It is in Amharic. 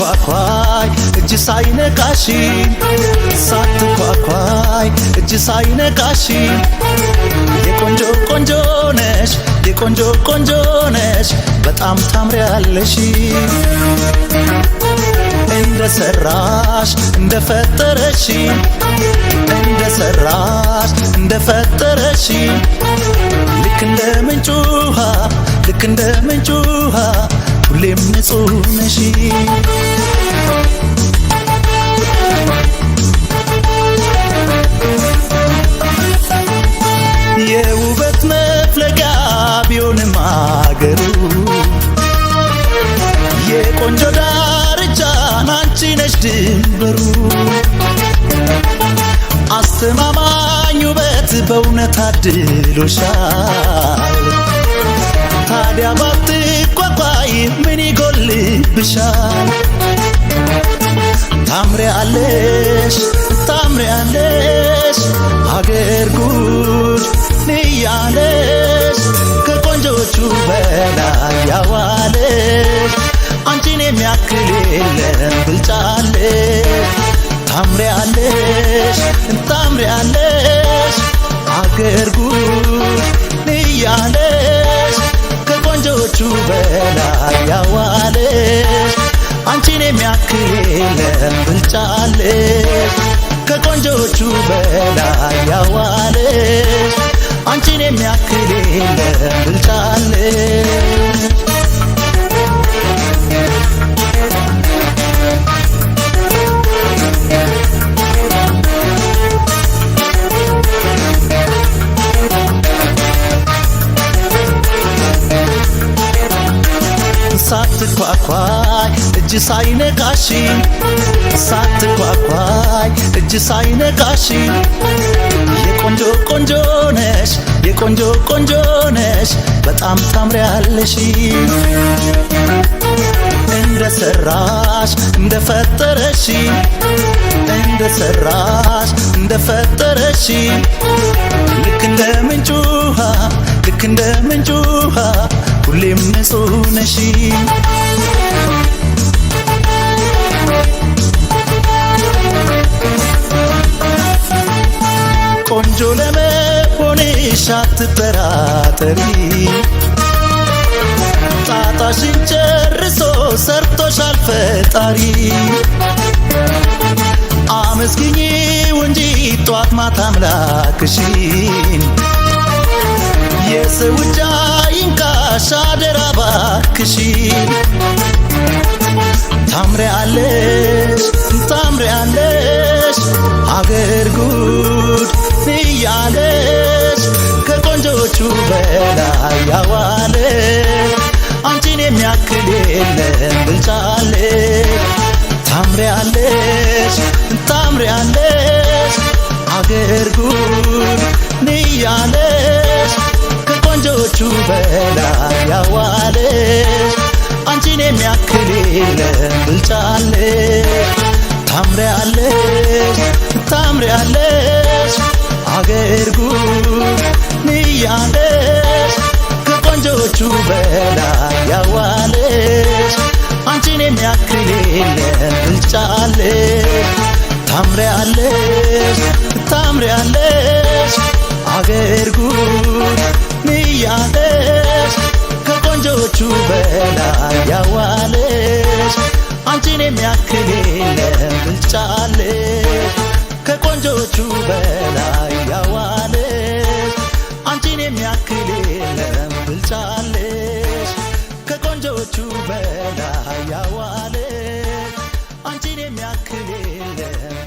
ሳትኳኳይ እጅ ሳይነካሽ ሳትኳኳይ እጅ ሳይነካሽ የቆንጆ ቆንጆ ነሽ የቆንጆ ቆንጆ ነሽ በጣም ታምሪያለሽ እንደ ሰራሽ እንደ ፈጠረሽ እንደ ሰራሽ እንደ ፈጠረሽ ልክ እንደ ምንጭ ውሃ ልክ እንደ ምንጭ ውሃ ሁሌም ንጹህ ነሽ ነበሩ አስተማማኝ ውበት በእውነት አድሎሻል። ታዲያ ባትቋቋይ ምን ይጎልብሻል? ታምሪያለሽ አለሽ አገር ጉድ ንያለሽ ከቆንጆቹ በላይ ያዋ የሚያክል የለም ብልጫለሽ ታምሪያለሽ ታምሪያለሽ አገር ጉድ ንያለሽ ከቆንጆቹ በላይ ያዋለሽ አንቺን የሚያክል የለም ብልጫለሽ ከቆንጆቹ በላይ ያዋለሽ አንቺን የሚያክል የለም ብልጫለሽ ሳትኳኳይ እጅ ሳይነካሽ ሳትኳኳይ እጅ ሳይነካሽ የቆንጆ ቆንጆ ነሽ የቆንጆ ቆንጆ ነሽ በጣም ታምሪያለሽ እንደ ሰራሽ እንደ ፈጠረሽ እንደ ሰራሽ እንደ ፈጠረሽ ልክ እንደ ምንጩ ልክ እንደ ምንጩ አንቺም ንጹሕ ነሽ። ቆንጆ ለመሆንሽ አትጠራጠሪ፣ ጣጣሽን ጨርሶ ሰርቶሻል ፈጣሪ። አመስግኚው እንጂ ጧት ማታ አምላክሽን የሰው አሻደራ ባክሽ ታምሪያለሽ ታምሪያለሽ አገር ጉድ እያለሽ ከቆንጆቹ በላይ ያዋለ አንቺን የሚያክል የለም ብልጫለ ታምሪያለሽ ታምሪያለሽ አገር ጉድ እያለሽ ከሌሎቹ በላይ ያዋለሽ አንቺን የሚያክል የለም ብልጫለሽ። ታምሪያለሽ ታምሪያለሽ አገር ጉድ ንያለሽ ከቆንጆቹ በላይ ያዋለሽ አንቺን የሚያክል የለም ታምሪያለሽ ታምሪያለሽ አገር ጉድ ምያለሽ ከቆንጆቹ በላይ ያዋለሽ አንቺን የሚያክል የለም ብልጫለሽ ከቆንጆቹ በላይ ያዋለሽ አንቺን የሚያክል የለም ብልጫለሽ ከቆንጆቹ በላይ ያዋለሽ አንቺን የሚያክል የለም